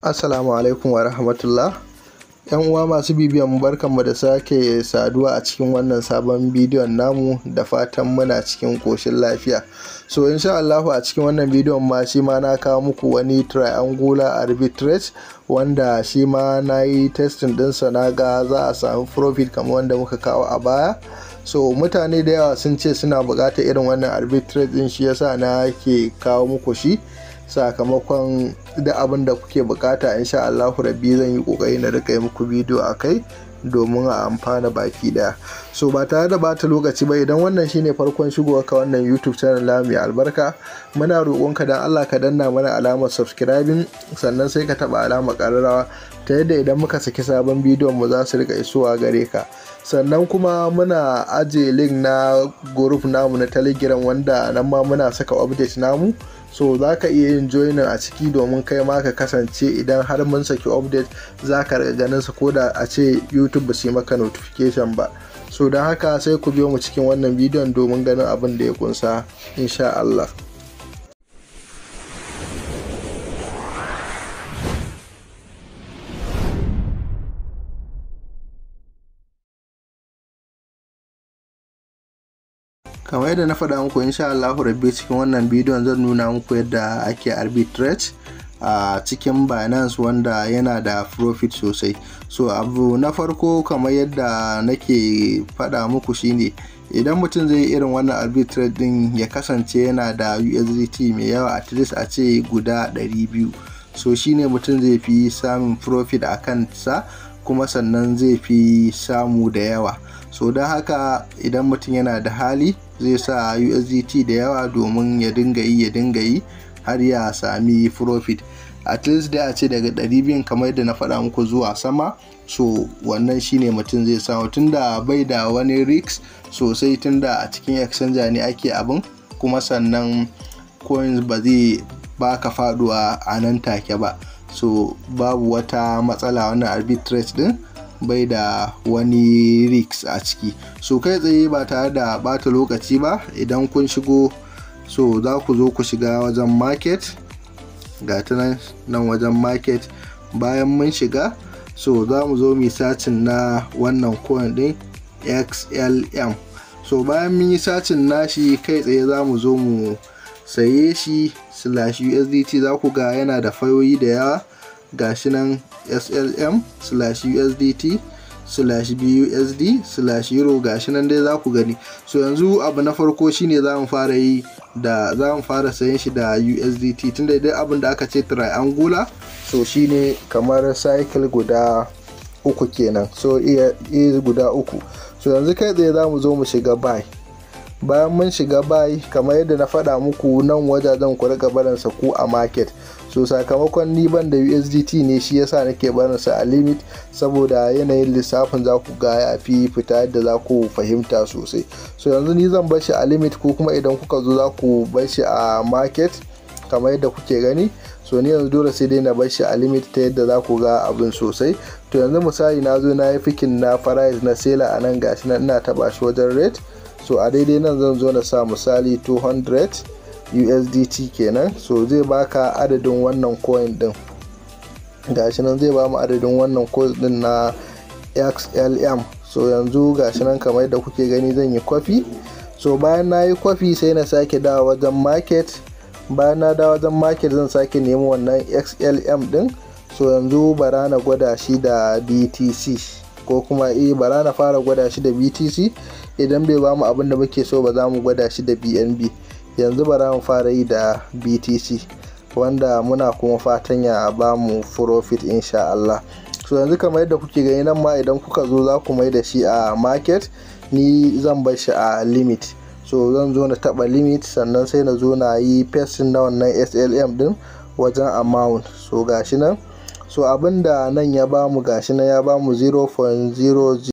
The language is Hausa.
Assalamu alaikum wa rahmatullah. ‘Yan uwa masu bibiyan barkanmu da sake saduwa a cikin wannan sabon bidiyon namu da fatan muna cikin koshin lafiya. So insha Allahu a cikin wannan bidiyon ma shi ma na kawo muku wani triangular arbitrage wanda shi ma na yi testing ɗinsa na ga za a samu profit kamar wanda muka kawo a baya. so mutane da yawa sun ce suna buƙatar irin wannan arbitrage din shi yasa na ke kawo muku shi sakamakon da abin da kuke bukata insha Allahu rabi zan yi kokari na rika yi muku bidiyo a kai domin a amfana baki daya so ba tare da bata lokaci ba idan wannan shine farkon shigowa ka wannan youtube channel la mai albarka muna ka dan Allah ka danna mana alamar subscribing sannan sai ka taba alamar ƙararrawa ta yadda idan muka saki sabon bidiyon mu za su rika isowa gare ka sannan kuma muna aje link na group namu na telegram wanda nan ma muna saka update namu so za ka iya yin joinin a ciki domin kai ma ka kasance idan har mun saki update za ka ganin sa koda a ce youtube ba su yi maka notification ba so don haka sai ku biyo mu cikin wannan bidiyon domin ganin abin da ya kunsa insha Allah. kamar yadda na faɗa muku insha Allahu rabbi cikin wannan bidiyon zan nuna muku yadda ake arbitrage a cikin Binance wanda yana da profit sosai so abu na farko kamar yadda nake faɗa muku shine idan mutum zai irin wannan arbitrage din ya kasance yana da USDT mai yawa at least a ce guda 200 so shine mutum zai fi samun profit a kansa kuma sannan zai fi samu da yawa so don haka idan mutum yana da hali zai sa USDT da yawa domin ya dinga yi ya dinga yi har ya sami profit at least da a ce daga ɗari biyun kamar da na faɗa muku zuwa sama so wannan shine mutum zai samu tunda bai da wani risk sosai tunda a cikin exchange ne ake abin kuma sannan coins ba zai baka faduwa a nan take ba so babu wata matsala wannan arbitrage din bai da wani risk a ciki so kai tsaye ba tare da bata lokaci ba idan kun shigo so za ku zo ku shiga wajen market ga ta nan wajen market bayan mun shiga so za mu zo misacin na wannan coin din xlm so bayan mun yi sacin shi kai tsaye za mu zo mu saye shi slash usdt za ku ga yana da fayoyi da yawa gashi nan slm slash usdt slash busd slash euro gashi nan dai za ku gani so yanzu abu na farko shine za mu fara yi da za mu fara sayan shi da usdt tunda dai abin da aka ce triangular so shine kamar cycle guda uku kenan so iya guda uku so yanzu kai tsaye za mu zo mu shiga buy bayan mun shiga bayi kamar yadda na faɗa muku nan wajajen ku rika barinsa ku a market so sakamakon ni ban da usdt ne shi yasa nake barinsa a limit saboda yanayin lissafin za ku ga ya fi fita yadda za ku fahimta sosai so yanzu ni zan bar shi a limit ko kuma idan kuka zo za ku bar shi a market kamar yadda kuke gani so ni yanzu dole sai dai na bar shi a limit ta yadda za ku ga abin sosai to yanzu misali na zo na yi fikin na price na sela a nan gashi nan ina taba shi wajen rate so a daidai nan zan zo na sa misali 200 USDT kenan so zai baka adadin wannan coin din gashi nan zai ba mu adadin wannan coin din na XLM so yanzu gashi nan kamar yadda kuke gani zan yi kwafi so bayan na yi kwafi sai na sake dawa wajen market bayan na dawo wajen market zan sake nemo wannan xlm din so yanzu bara na gwada shi da btc ko kuma e bara na fara gwada shi da btc idan bai bamu abin da muke so ba za mu gwada shi da bnb yanzu bara mu fara yi da btc wanda muna kuma fatan ya bamu profit insha Allah so yanzu kamar yadda kuke gani nan ma idan kuka zo za ku mai da shi a market ni zan bar shi a limit so zan zo na taba limit sannan sai na zo na yi pasting na wannan slm din wajen amount so gashi nan so abinda nan ya bamu gashi nan ya bamu 0.00